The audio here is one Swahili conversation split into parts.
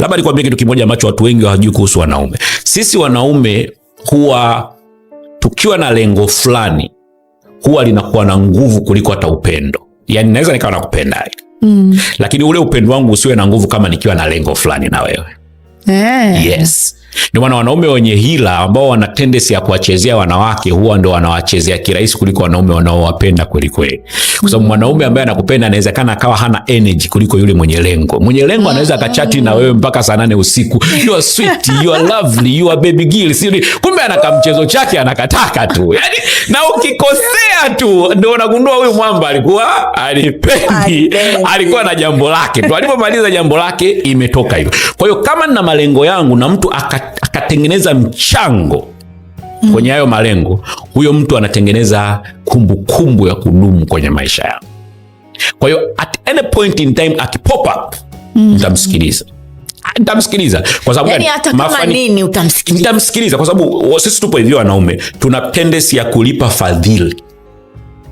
Labda nikwambie kitu kimoja ambacho watu wengi hawajui kuhusu wanaume. Sisi wanaume huwa tukiwa na lengo fulani huwa linakuwa na nguvu kuliko hata upendo. Yaani naweza nikawa nakupenda mm, lakini ule upendo wangu usiwe na nguvu kama nikiwa na lengo fulani na wewe. Eh. Yes. Ndio maana wanaume wenye hila ambao wana tendency ya kuwachezea wanawake huwa ndo wanawachezea kirahisi kuliko wanaume wanaowapenda kweli kweli, kwa sababu mwanaume ambaye anakupenda anawezekana akawa hana energy kuliko yule mwenye lengo. Mwenye lengo anaweza akachati na wewe mpaka saa nane usiku, you are sweet, you are lovely, you are baby girl, kumbe anakamchezo chake anakataka tu yani, na ukikosea tu ndio unagundua huyu mwamba alikuwa alipendi, alikuwa na jambo lake tu, alipomaliza jambo lake imetoka hivyo. Kwa hiyo kama nina malengo yangu na mtu akati akatengeneza mchango kwenye hayo malengo, huyo mtu anatengeneza kumbukumbu kumbu ya kudumu kwenye maisha yao. Kwa hiyo at any point in time akipop up mm. nitamsikiliza mm Nitamsikiliza kwa sababu yani, hata kama nini utamsikiliza, nitamsikiliza kwa sababu oh, sisi tupo hivyo wanaume, tuna tendency ya kulipa fadhili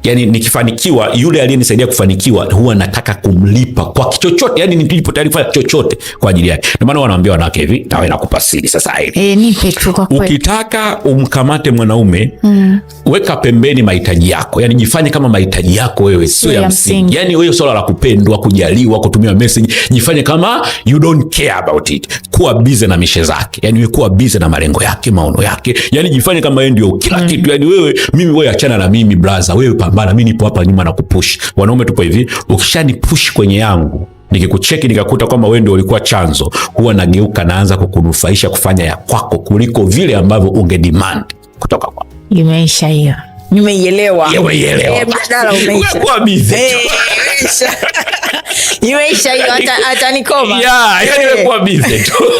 yani nikifanikiwa, yule aliyenisaidia kufanikiwa huwa nataka kumlipa kwa kichochote, yani nilipo tayari kufanya chochote kwa ajili yake. Ndio maana wanaambia wanawake hivi, nawe nakupa siri sasa hivi e, nipe tu kwa kweli. Ukitaka umkamate mwanaume mm, weka pembeni mahitaji yako, yani jifanye kama mahitaji yako wewe sio ya msingi. Yani wewe swala la kupendwa, kujaliwa, kutumia message, jifanye kama you don't care about it. Kuwa busy na mishe zake, yani wewe kuwa busy na malengo yake, maono yake, yani jifanye kama yeye ndio kila mm, kitu. Yani wewe mimi, wewe achana na mimi brother, wewe pa bana, mimi nipo hapa nyuma na kupush. Wanaume tupo hivi, ukishanipush kwenye yangu nikikucheki nikakuta kwamba wewe ndio ulikuwa chanzo, huwa nageuka naanza kukunufaisha kufanya ya kwako kuliko vile ambavyo unge demand kutoka kwa. Imeisha hiyo. Nimeielewa. Nimeielewa. Badala eh, umeisha. Wewe bize. Eh, imeisha hiyo hata hata nikoma. Yeah, yani wewe bize tu.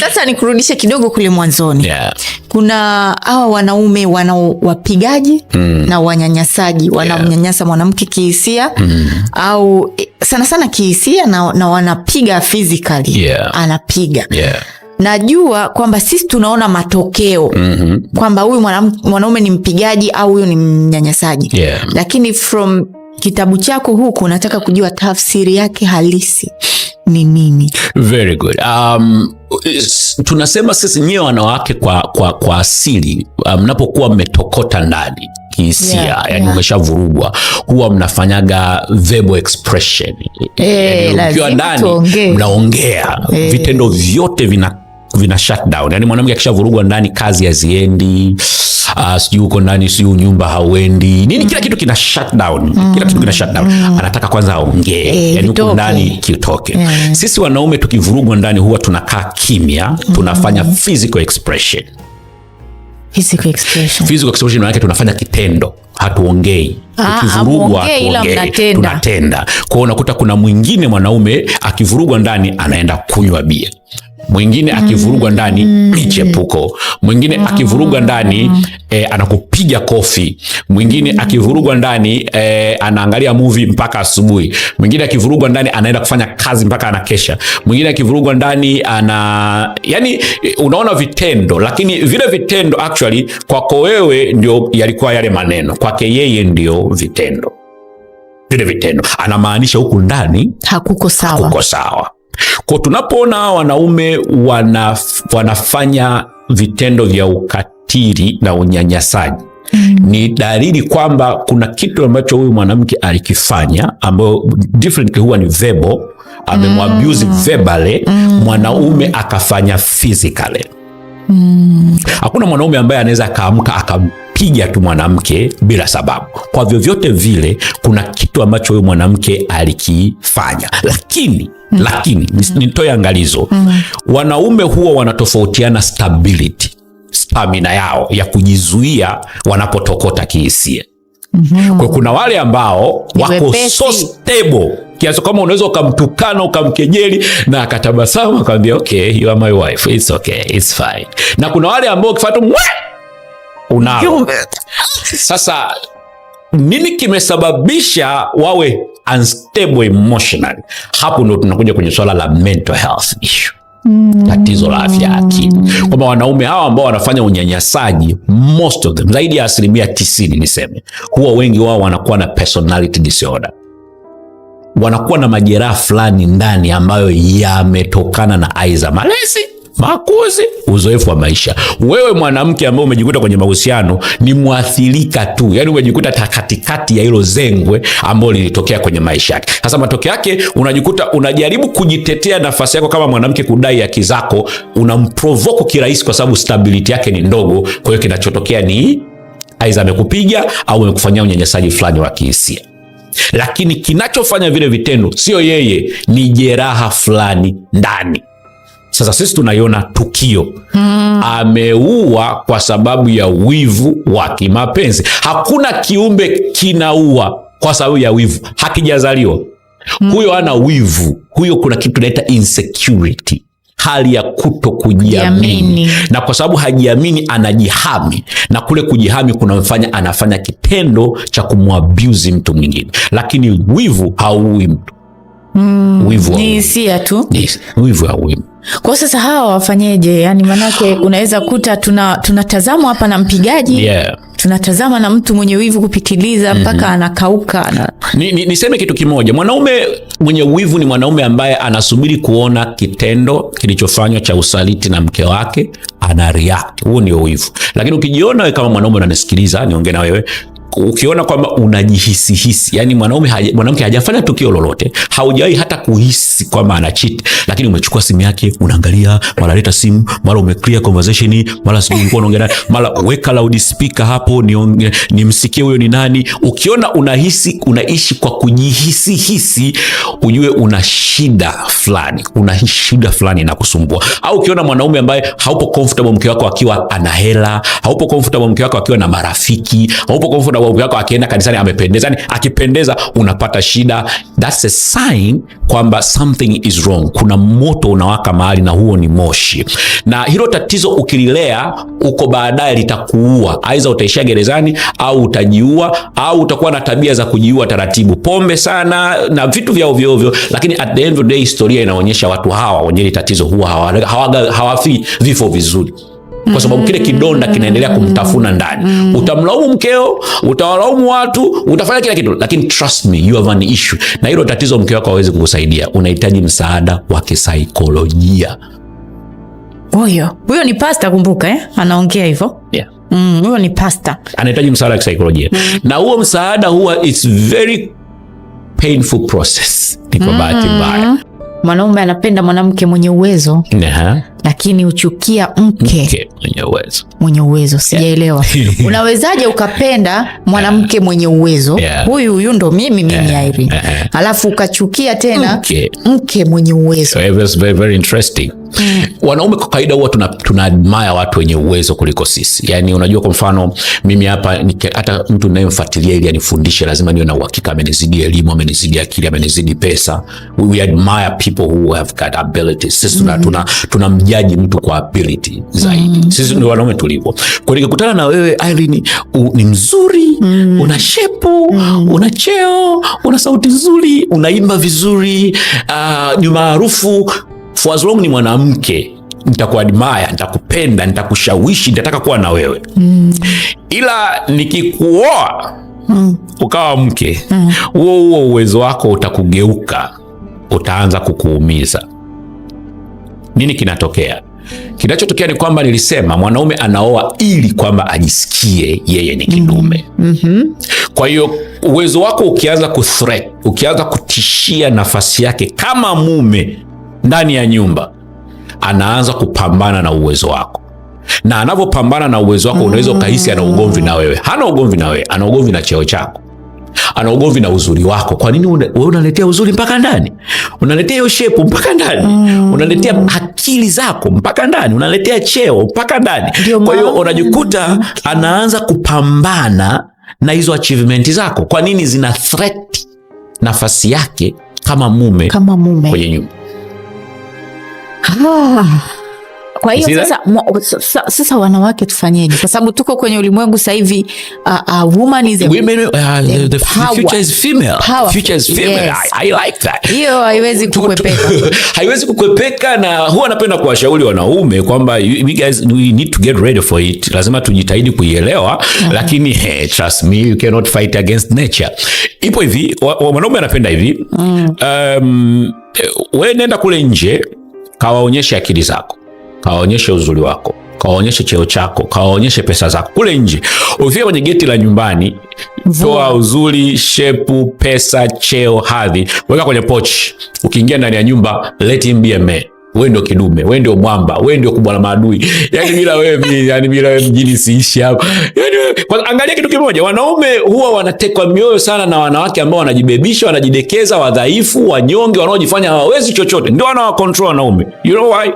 Sasa nikurudishe kidogo kule mwanzoni yeah. Kuna hawa wanaume wana wapigaji mm. na wanyanyasaji wanamnyanyasa yeah. mwanamke kihisia mm. au eh, sana sana kihisia na, na wanapiga physically yeah. anapiga yeah. Najua kwamba sisi tunaona matokeo mm -hmm. kwamba huyu mwanaume ni mpigaji au huyu ni mnyanyasaji yeah. Lakini from kitabu chako huku nataka kujua tafsiri yake halisi ni nini? Very good. Um, tunasema sisi nyewe wanawake kwa, kwa, kwa asili uh, mnapokuwa um, mmetokota ndani kihisia yeah, yani yeah. Umeshavurugwa huwa mnafanyaga verbal expression eh, ukiwa ndani mnaongea hey. Eh. Vitendo vyote vina vina shutdown. Yani mwanamke akishavurugwa ndani, kazi haziendi, uh, sijui uko ndani, sijui nyumba hauendi nini, kila kitu kina shutdown, kila kitu kina shutdown. Mm. Anataka kwanza aongee, eh, yani uko ndani kitoke. Sisi wanaume tukivurugwa ndani, huwa tunakaa kimya, mm-hmm. tunafanya physical expression. Physical expression. Physical expression maana yake tunafanya kitendo, hatuongei. Ah, Ukivurugwa tunatenda. Kwa hiyo unakuta kuna mwingine mwanaume akivurugwa ndani anaenda kunywa bia mwingine akivurugwa mm. ndani mm. chepuko, mwingine mm. akivurugwa ndani e, anakupiga kofi, mwingine akivurugwa ndani e, anaangalia movie mpaka asubuhi, mwingine akivurugwa ndani anaenda kufanya kazi mpaka anakesha, mwingine akivurugwa ndani ana yani, unaona vitendo, lakini vile vitendo actually kwako wewe ndio yalikuwa yale maneno, kwake yeye ndio vitendo vile vitendo, anamaanisha huku ndani hakuko sawa, hakuko sawa. Kwa tunapoona wanaume wana, wanafanya vitendo vya ukatili na unyanyasaji Mm -hmm. Ni dalili kwamba kuna kitu ambacho huyu mwanamke alikifanya ambayo differently huwa ni vebo amemwabuse mm -hmm. verbally mm -hmm. mwanaume akafanya physically mm Hakuna mwanaume ambaye anaweza akaamka akampiga tu mwanamke bila sababu. Kwa vyovyote vile, kuna kitu ambacho huyu mwanamke alikifanya, lakini Mm. lakini mm -hmm. nitoe angalizo mm -hmm. wanaume huwa wanatofautiana stability, stamina yao ya kujizuia wanapotokota kihisia. Mm -hmm. Kwa kuna wale ambao wako so stable kiasi kama unaweza ukamtukana ukamkejeli na akatabasamu akamwambia okay, you are my wife, it's okay, it's fine. Na kuna wale ambao ukifuata mwe unao sasa nini kimesababisha wawe unstable emotionally? Hapo ndo tunakuja kwenye swala la mental health issue mm. tatizo la afya ya akili kwamba wanaume hawa ambao wanafanya unyanyasaji, most of them, zaidi ya asilimia tisini niseme, huwa wengi wao wanakuwa na personality disorder, wanakuwa na majeraha fulani ndani ambayo yametokana na aiza malezi makuzi, uzoefu wa maisha. Wewe mwanamke ambaye umejikuta kwenye mahusiano ni mwathirika tu, yani umejikuta katikati ya hilo zengwe ambalo lilitokea kwenye maisha yake. Sasa matokeo yake unajikuta unajaribu kujitetea nafasi yako kama mwanamke, kudai haki zako, unamprovoke kirahisi, kwa sababu stability yake ni ndogo. Kwa hiyo kinachotokea ni aidha amekupiga au amekufanyia unyanyasaji fulani wa kihisia, lakini kinachofanya vile vitendo sio yeye, ni jeraha fulani ndani sasa sisi tunaiona tukio hmm. Ameua kwa sababu ya wivu wa kimapenzi. Hakuna kiumbe kinaua kwa sababu ya wivu, hakijazaliwa hmm. Huyo ana wivu, huyo kuna kitu tunaita insecurity hali ya kuto kujiamini, na kwa sababu hajiamini anajihami, na kule kujihami kunamfanya anafanya kitendo cha kumwabuzi mtu mwingine, lakini wivu hauui mtu mm, wivu Ni hisia tu, wivu hauui mtu. Kwa sasa hawa wafanyeje? Yani manake unaweza kuta tuna tunatazama hapa na mpigaji yeah. Tunatazama na mtu mwenye wivu kupitiliza mhm. mpaka mm -hmm. anakauka na... ni, ni, niseme kitu kimoja, mwanaume mwenye wivu ni mwanaume ambaye anasubiri kuona kitendo kilichofanywa cha usaliti na mke wake, ana react. Huo ndio wivu. Lakini ukijiona wewe kama mwanaume unanisikiliza, niongee na wewe ukiona kwamba unajihisi hisi, yani mwanaume haja, mwanamke hajafanya tukio lolote, haujawahi hata kuhisi kwamba ana cheat, lakini umechukua simu yake unaangalia, mara leta simu, mara ume clear conversation, mara sijui ulikuwa unaongea nani, mara weka loud speaker hapo ni nimsikie huyo ni nani. Ukiona unahisi unaishi kwa kujihisi hisi, ujue una shida fulani, una shida fulani na kusumbua. Au ukiona mwanaume ambaye haupo comfortable mke wako akiwa ana hela, haupo comfortable mke wako akiwa na marafiki, haupo comfortable na wavu yako, akienda kanisani amependeza, yani akipendeza unapata shida. That's a sign kwamba something is wrong, kuna moto unawaka mahali, na huo ni moshi. Na hilo tatizo ukililea uko baadaye litakuua, aidha utaishia gerezani au utajiua au utakuwa na tabia za kujiua taratibu, pombe sana na vitu vya ovyo ovyo. Lakini at the end of the day, historia inaonyesha watu hawa wenye tatizo huwa hawafii vifo vizuri kwa sababu kile kidonda kinaendelea kumtafuna ndani. Mm. Utamlaumu mkeo, utawalaumu watu, utafanya kila kitu, lakini trust me you have an issue na hilo tatizo. Mkeo wako hawezi kukusaidia, unahitaji msaada wa kisaikolojia. Huyo huyo ni pasta, kumbuka eh? Anaongea hivyo yeah. Mm, huyo ni pasta, anahitaji msaada wa kisaikolojia mm. na huo msaada huwa it's very painful process, ni kwa bahati mm. mbaya mm. Mwanaume anapenda mwanamke mwenye uwezo lakini uchukia mke, mke mwenye uwezo mwenye uwezo sijaelewa. yeah. Unawezaje ukapenda mwanamke yeah. mwenye uwezo yeah. huyu huyu ndo mimi mimi yeah. Irene yeah. alafu ukachukia tena mke, mke mwenye uwezo. So, very, very interesting. Mm. Wanaume kwa kawaida huwa tuna, tuna admire watu wenye uwezo kuliko sisi. Yaani unajua kwa mfano mimi hapa hata mtu ninayemfuatilia ili anifundishe lazima niwe na uhakika amenizidi elimu, amenizidi akili, amenizidi pesa. We, we admire people who have got abilities. Sisi tuna, mm. tuna, tuna kumjaji mtu kwa ability zaidi. Mm. Sisi ni wanaume tulivyo. Kwa nikikutana na wewe Irene, ni mzuri, mm. una shepu, mm. una cheo, una sauti nzuri, unaimba vizuri, uh, ni maarufu. For as long ni mwanamke nitakuadmire, nitakupenda, nitakushawishi, nitataka kuwa na wewe. Mm. Ila nikikuoa mm. ukawa mke mm. huo mm. huo uwezo wako utakugeuka, utaanza kukuumiza. Nini kinatokea? Kinachotokea ni kwamba nilisema mwanaume anaoa ili kwamba ajisikie yeye ni kinume mm -hmm. Kwa hiyo uwezo wako ukianza ku threat, ukianza kutishia nafasi yake kama mume ndani ya nyumba, anaanza kupambana na uwezo wako, na anavyopambana na uwezo wako, unaweza ukahisi ana ugomvi na wewe. Hana ugomvi na wewe, ana ugomvi na cheo chako ana ugomvi na uzuri wako. Kwa nini wewe unaletea uzuri mpaka ndani, unaletea hiyo shepu mpaka ndani mm. unaletea akili zako mpaka ndani, unaletea cheo mpaka ndani. Kwa hiyo unajikuta mm. anaanza kupambana na hizo achievement zako. Kwa nini zina threat nafasi yake kama mume, kama mume kwenye nyumba ah. Kwa hiyo sasa, sasa, sasa wanawake tufanyeje? Kwa sababu tuko kwenye ulimwengu sasa hivi uh, uh, woman is a women uh, the, the future is female. Future is female. Yes. I, I like that. Hiyo haiwezi kukwepeka. Haiwezi kukwepeka na huwa napenda kuwashauri wanaume kwamba we guys we need to get ready for it. Lazima tujitahidi kuielewa uh -huh. Lakini hey, trust me you cannot fight against nature. Ipo hivi wanaume anapenda hivi. Mm. Um, eh, wewe nenda kule nje kawaonyeshe akili zako kawaonyeshe uzuri wako, kawaonyeshe cheo chako, kawaonyeshe pesa zako. Kule nje, ufike kwenye geti la nyumbani, toa uzuri, shepu, pesa, cheo, hadhi, weka kwenye pochi. Ukiingia ndani ya nyumba, let him be a man. Wewe ndio kidume, wewe ndio mwamba, wewe ndio kubwa la maadui. Yani bila wewe mimi, yani bila wewe mjini siishi hapa. Yani kwa angalia kitu kimoja, wanaume huwa wanatekwa mioyo sana na wanawake ambao wanajibebisha, wanajidekeza, wadhaifu, wanyonge, wanaojifanya hawawezi chochote. Ndio wanawa control wanaume. You know why?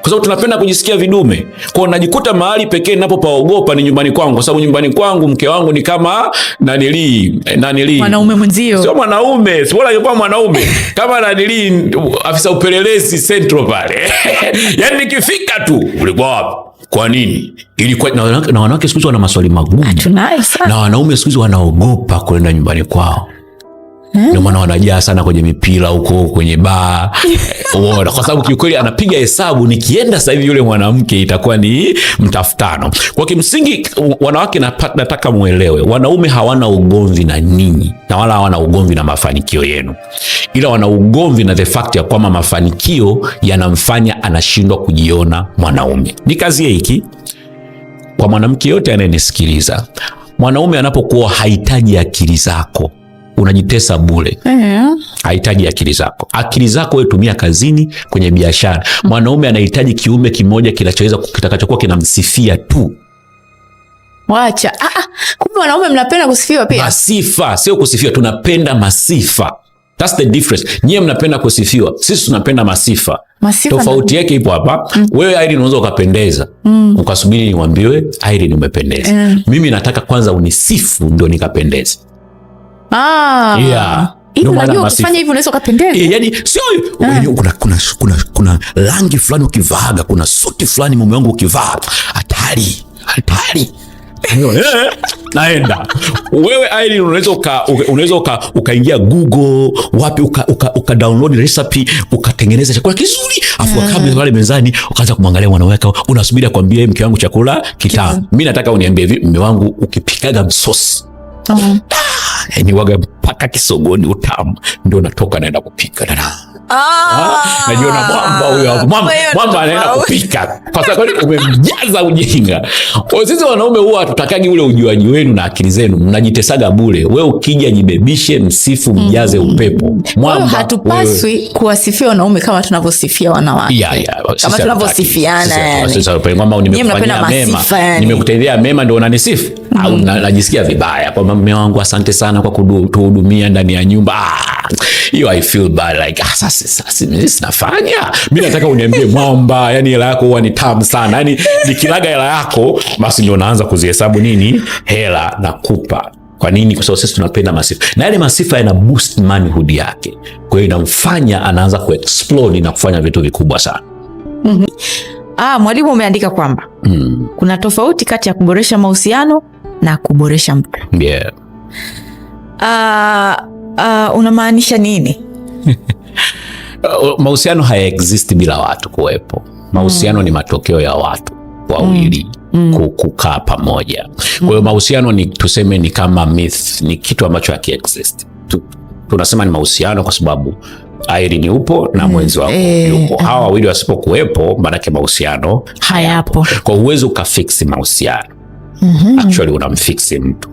kwa sababu tunapenda kujisikia vidume. Kwa najikuta mahali pekee ninapopaogopa ni nyumbani kwangu, kwa sababu nyumbani kwangu mke wangu ni kama nanili nanili, mwanaume mwenzio, sio mwanaume, bora angekuwa mwanaume kama nanili, afisa upelelezi Central pale yani nikifika tu, ulikuwa wapi? Kwa nini ilikuwa na wanawake siku hizi wana maswali magumu, na wanaume siku hizi wanaogopa kwenda nyumbani kwao. Eh? ndio maana wanajaa sana kwenye mipira huko kwenye baa uona kwa sababu kiukweli anapiga hesabu, nikienda sasa hivi yule mwanamke itakuwa ni mtafutano. Kwa kimsingi, wanawake nataka muelewe, wanaume hawana ugomvi na ninyi na wala hawana ugomvi na mafanikio yenu, ila wana ugomvi na the fact ya kwamba mafanikio yanamfanya anashindwa kujiona mwanaume. Ni kazi hiki kwa mwanamke yote anayenisikiliza, mwanaume anapokuwa hahitaji akili zako unajitesa bure, eh. hahitaji akili zako. Akili zako wewe tumia kazini, kwenye biashara. mm. Mwanaume anahitaji kiume kimoja kinachoweza kitakachokuwa kinamsifia tu. Wacha ah, ah. kumbe wanaume mnapenda kusifiwa pia. Masifa sio kusifiwa, tunapenda masifa. That's the difference. Nyie mnapenda kusifiwa, sisi tunapenda masifa. Masifa tofauti yake ipo hapa. Mm. Wewe Irene unaweza ukapendeza. Mm. Ukasubiri niwambiwe Irene umependeza. Mm. Mimi nataka kwanza unisifu ndio nikapendeza. Ah. Yeah. unaweza ukapendeza. Eh, yani sio ah. kuna kuna kuna kuna rangi fulani ukivaaga, kuna suti fulani mume wangu ukivaa. Hatari. Hatari. Naenda wewe Aileen, unaweza unaweza ukaingia Google wapi, ukadownload recipe ukatengeneza chakula kizuri, afu ah. kabla pale mezani ukaanza kumwangalia mwanao wako, unasubiri akwambie, mke wangu chakula kitamu. Mimi nataka uniambie hivi, mme wangu ukipikaga msosi oh. ah, eni yaani waga mpaka kisogoni, utamu ndio natoka naenda kupika dada. Ah. najiona mwamba huyo hapo. Mwamba anaenda kupika kwa sababu umemjaza ujinga. Kwa sisi wanaume huwa hatutakagi ule ujuaji wenu na akili zenu, mnajitesaga bure. Wewe ukija jibebishe, msifu, mjaze mm-hmm. upepo. Mwamba hatupaswi kuwasifia wanaume kama tunavyosifia wanawake, kama tunavyosifiana. Yani mnapenda masifa, nimekutendea mema ndio unanisifu au mm-hmm. najisikia vibaya kwamba mume wangu, asante sana kwa kutuhudumia ndani ya nyumba. Ah hiyo I feel bad like ah, sasa sasa mimi sinafanya mimi nataka uniambie mwamba, yani hela yako huwa ni tamu sana, yani nikilaga hela yako basi ndio naanza kuzihesabu nini hela nakupa. Kwa nini? Kwa sababu sisi tunapenda masifa, na yale masifa yana boost manhood yake, kwa hiyo inamfanya anaanza kuexplode na kufanya vitu vikubwa sana. Mhm. Ah, mwalimu umeandika kwamba mm. kuna tofauti kati ya kuboresha mahusiano na kuboresha mtu. yeah. uh, uh, unamaanisha nini? Mahusiano haya exist bila watu kuwepo. Mahusiano mm. ni matokeo ya watu wawili mm. kukaa pamoja. Kwa hiyo mm. mahusiano ni tuseme, ni kama myth, ni kitu ambacho hakiexist. Tunasema ni mahusiano kwa sababu Irene upo na mm. mwenzi wako eh, yupo. Eh. Hawa wawili wasipokuwepo, maanake mahusiano hayapo. Kwa huwezi ukafix mahusiano, mm-hmm. actually unamfix mtu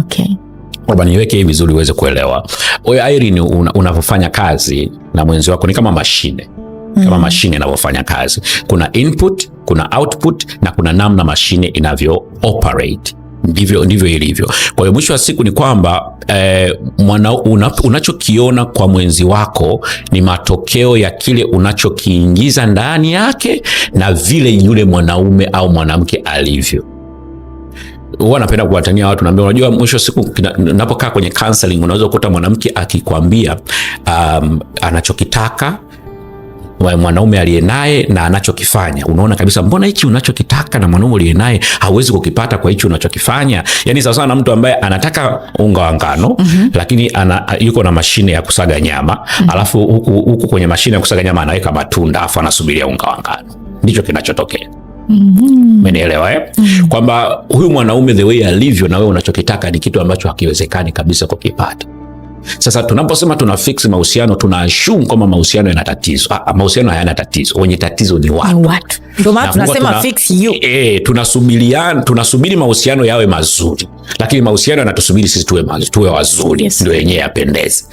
okay kwamba niweke hivi vizuri uweze kuelewa. Wewe Irene, unavyofanya kazi na mwenzi wako ni kama mashine mm. kama mashine inavyofanya kazi, kuna input, kuna output na kuna namna mashine inavyo operate. Ndivyo ndivyo ilivyo. Kwa hiyo mwisho wa siku ni kwamba eh, una, unachokiona kwa mwenzi wako ni matokeo ya kile unachokiingiza ndani yake na vile yule mwanaume au mwanamke alivyo huwa napenda kuwatania watu, naambia, unajua mwisho siku napokaa kwenye counseling, unaweza kukuta mwanamke akikwambia um, anachokitaka mwanaume aliye naye na anachokifanya, unaona kabisa, mbona hichi unachokitaka na mwanaume aliye naye hauwezi kukipata kwa hichi unachokifanya. Yani sawa sana na mtu ambaye anataka unga wa ngano mm -hmm. lakini ana, yuko na mashine ya kusaga nyama mm -hmm. alafu huku kwenye mashine ya kusaga nyama anaweka matunda afu anasubiria unga wa ngano, ndicho kinachotokea. Mm-hmm. Umenielewa eh? Mm-hmm. Kwamba huyu mwanaume the way alivyo na wewe unachokitaka ni kitu ambacho hakiwezekani kabisa kukipata. Sasa tunaposema tuna fix mahusiano, tuna assume kwamba mahusiano yana tatizo. Ah, mahusiano hayana tatizo, wenye tatizo ni watu, watu. Ndio maana tunasema tuna, fix you eh, eh tunasubiria tunasubiri mahusiano yawe mazuri, lakini mahusiano yanatusubiri sisi tuwe mazuri, tuwe wazuri, yes. Ndio yenyewe yapendeze.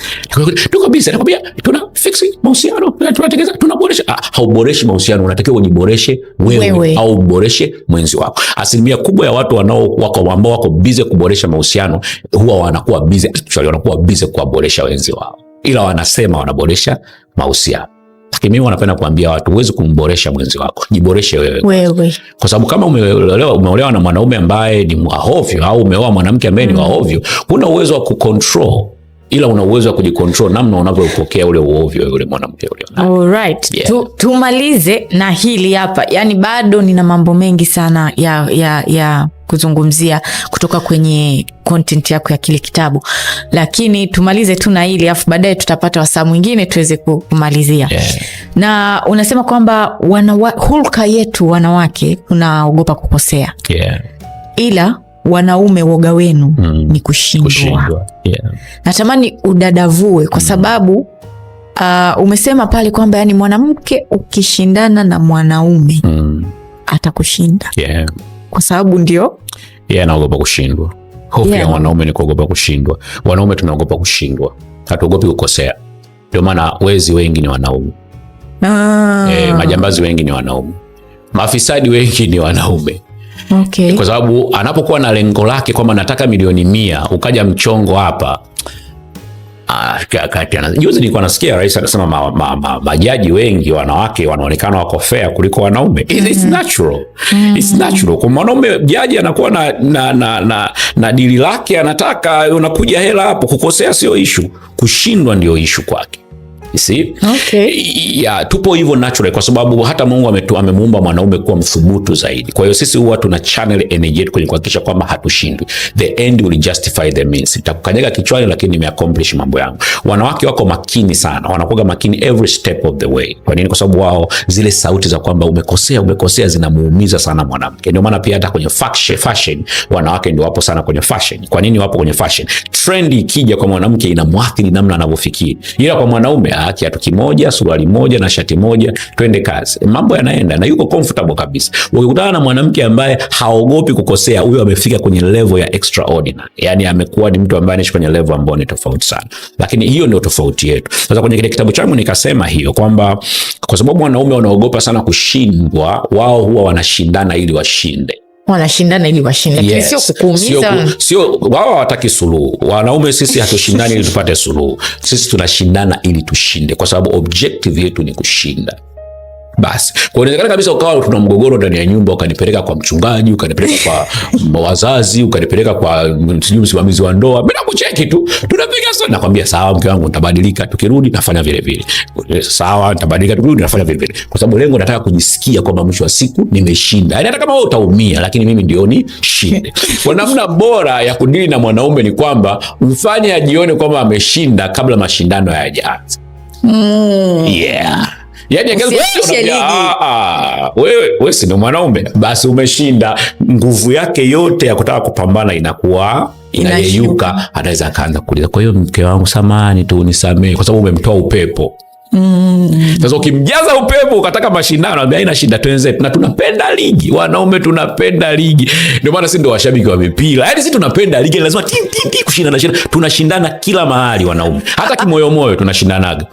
Tuko busy, nakwambia tuna fix mahusiano, tunatengeneza, tunaboresha. Ah, hauboreshi mahusiano, unatakiwa ujiboreshe wewe, wewe au uboreshe mwenzi wako. Asilimia kubwa ya watu wanao wako ambao wako busy kuboresha mahusiano huwa wanakuwa busy actually, wanakuwa busy kwa kuwaboresha wenzi wao, ila wanasema wanaboresha mahusiano, lakini mimi wanapenda kuambia watu, huwezi kumboresha mwenzi wako, jiboreshe wewe wewe, kwa sababu kama umeolewa umeolewa na mwanaume ambaye ni wahovyo au umeoa mwanamke ambaye ni waovyo mm. huna uwezo wa kucontrol ila una uwezo wa kujicontrol namna unavyopokea ule uovyo yule mwanamke ule. right. Yeah. Tu, tumalize na hili hapa, yani bado nina mambo mengi sana ya, ya, ya kuzungumzia kutoka kwenye content yako ya kile kitabu, lakini tumalize tu na hili afu baadaye tutapata wasaa mwingine tuweze kumalizia. Yeah. Na unasema kwamba wanawa, hulka yetu wanawake tunaogopa kukosea. Yeah. Ila wanaume woga wenu mm, ni kushindwa. Yeah. Natamani udadavue kwa hmm. sababu Uh, umesema pale kwamba yani mwanamke ukishindana na mwanaume mm. atakushinda. Yeah kwa sababu ndio yeye anaogopa kushindwa. Hofu ya wanaume ni kuogopa kushindwa. Wanaume tunaogopa kushindwa, hatuogopi kukosea. Ndio maana wezi wengi ni wanaume ah. E, majambazi wengi ni wanaume, mafisadi wengi ni wanaume okay. Kwa sababu anapokuwa na lengo lake kwamba nataka milioni mia, ukaja mchongo hapa Uh, juzi nilikuwa nasikia rais akasema majaji ma, ma, wengi wanawake wanaonekana wako fair kuliko wanaume. Mm. natural. Mm. It's natural. Kwa mwanaume jaji anakuwa na, na, na, na, na dili lake, anataka unakuja hela hapo. Kukosea sio ishu, kushindwa ndio ishu kwake. Okay. Yeah, tupo hivyo natural kwa sababu hata Mungu ametu, amemuumba mwanaume kuwa mthubutu zaidi. Kwa hiyo sisi huwa tuna channel energy yetu kwenye kuhakikisha kwamba hatushindwi. The end will justify the means. Nitakukanyaga kichwani lakini nimeaccomplish mambo yangu. Wanawake wako makini sana. Wanakuwa makini every step of the way. Kwa nini? Kwa sababu wao zile sauti za kwamba umekosea, umekosea zinamuumiza sana mwanamke. Ndio maana pia hata kwenye fashion wanawake ndio wapo sana kwenye fashion. Kwa nini wapo kwenye fashion? Trend ikija kwa mwanamke inamwathiri namna anavyofikiri. Ila kwa mwanaume kiatu kimoja, suruali moja na shati moja, twende kazi, mambo yanaenda na yuko comfortable kabisa. Ukikutana na mwanamke ambaye haogopi kukosea, huyo amefika kwenye level ya extraordinary, yani amekuwa ni mtu ambaye anaishi kwenye level ambayo ni tofauti sana, lakini hiyo ndio tofauti yetu. Sasa kwenye kile kitabu changu nikasema hiyo kwamba kwa sababu wanaume wanaogopa sana kushindwa, wao huwa wanashindana ili washinde wanashindana ili washinde, yes. Sio kukuumiza, sio wao hawataki suluhu. Wanaume sisi hatushindani ili tupate suluhu, sisi tunashindana ili tushinde, kwa sababu objective yetu ni kushinda. Basi kwa inawezekana kabisa ukawa tuna mgogoro ndani ya nyumba, ukanipeleka kwa mchungaji, ukanipeleka kwa wazazi, ukanipeleka kwa sijui msimamizi wa ndoa, bila kucheki tu tunapiga sana. Nakwambia sawa, mke wangu, nitabadilika, tukirudi nafanya vile vile. Sawa, nitabadilika, tukirudi nafanya vile vile, kwa sababu lengo nataka kujisikia kwamba mwisho wa siku nimeshinda, yani hata kama wewe utaumia, lakini mimi ndio ni shinde. Kwa namna bora ya kudili na mwanaume ni kwamba mfanye ajione kwamba ameshinda kabla mashindano hayajaanza. mm. yeah Yaani ah, ah, wewe si ndo mwanaume basi, umeshinda. Nguvu yake yote ya kutaka kupambana inakuwa inayeyuka, anaweza akaanza kuuliza, kwa hiyo mke wangu, samani tu nisamehe, kwa sababu umemtoa upepo Mm. Sasa ukimjaza upepo ukataka mashindano, ambia haina shida, twenzetu na tunapenda ligi, wanaume tunapenda ligi, ndio maana si ndo washabiki wa mipira, yaani si tunapenda ligi, lazima tim tim tim kushindana shindana, tunashindana kila mahali wanaume, hata kimoyomoyo tunashindanaga.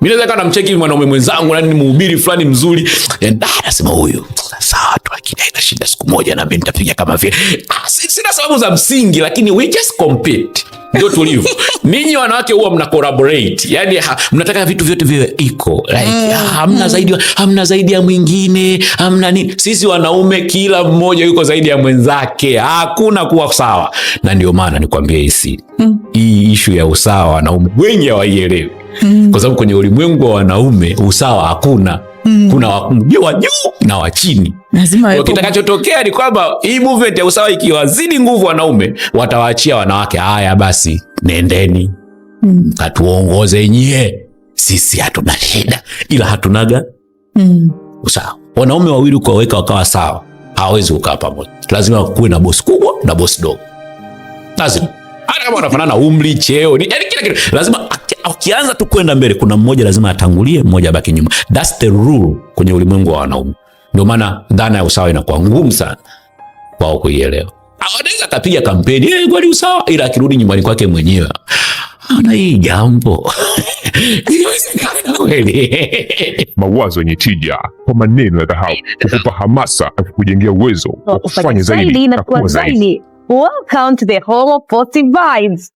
Mimi naweza kana mcheki mwanaume mwenzangu na yaani ni mhubiri fulani mzuri, ndio nasema huyu sawa tu, lakini haina shida, siku moja na mimi nitapiga kama vile. Ah, sina sababu za msingi, lakini we just compete ndio tulivyo. Ninyi wanawake huwa mna collaborate, yani ha, mnataka vitu vyote viwe iko like, mm. hamna mm. zaidi hamna zaidi ya mwingine hamna nini. Sisi wanaume kila mmoja yuko zaidi ya mwenzake, hakuna kuwa sawa, na ndio maana nikwambie hisi mm. hii ishu ya usawa wanaume wengi hawaielewi mm. kwa sababu kwenye ulimwengu wa wanaume usawa hakuna mm. kuna wakumbia wa juu na wa chini. Kitakachotokea ni kwamba hii movement ya usawa ikiwazidi nguvu wanaume, watawaachia wanawake, haya basi nendeni mm. katuongoze nyie, sisi hatuna shida, ila hatunaga mm. usawa. Wanaume wawili kuwaweka wakawa sawa hawawezi kukaa pamoja, lazima kuwe na bosi kubwa na bosi dogo, lazima wale kama wanafanana umri, cheo, ni yani kila kitu lazima ukianza tu kwenda mbele, kuna mmoja lazima atangulie, mmoja abaki nyuma. That's the rule kwenye ulimwengu wa wanaume. Ndio maana dhana ya usawa inakuwa ngumu sana kwao kuielewa. Ah, anaweza akapiga kampeni eh, kwani usawa, ila akirudi nyumbani kwake mwenyewe ana hii jambo mawazo yenye tija kwa maneno ya dhahabu kukupa hamasa na kukujengea uwezo wa kufanya zaidi na kuwa zaidi. Welcome to the home of Positive Vibes.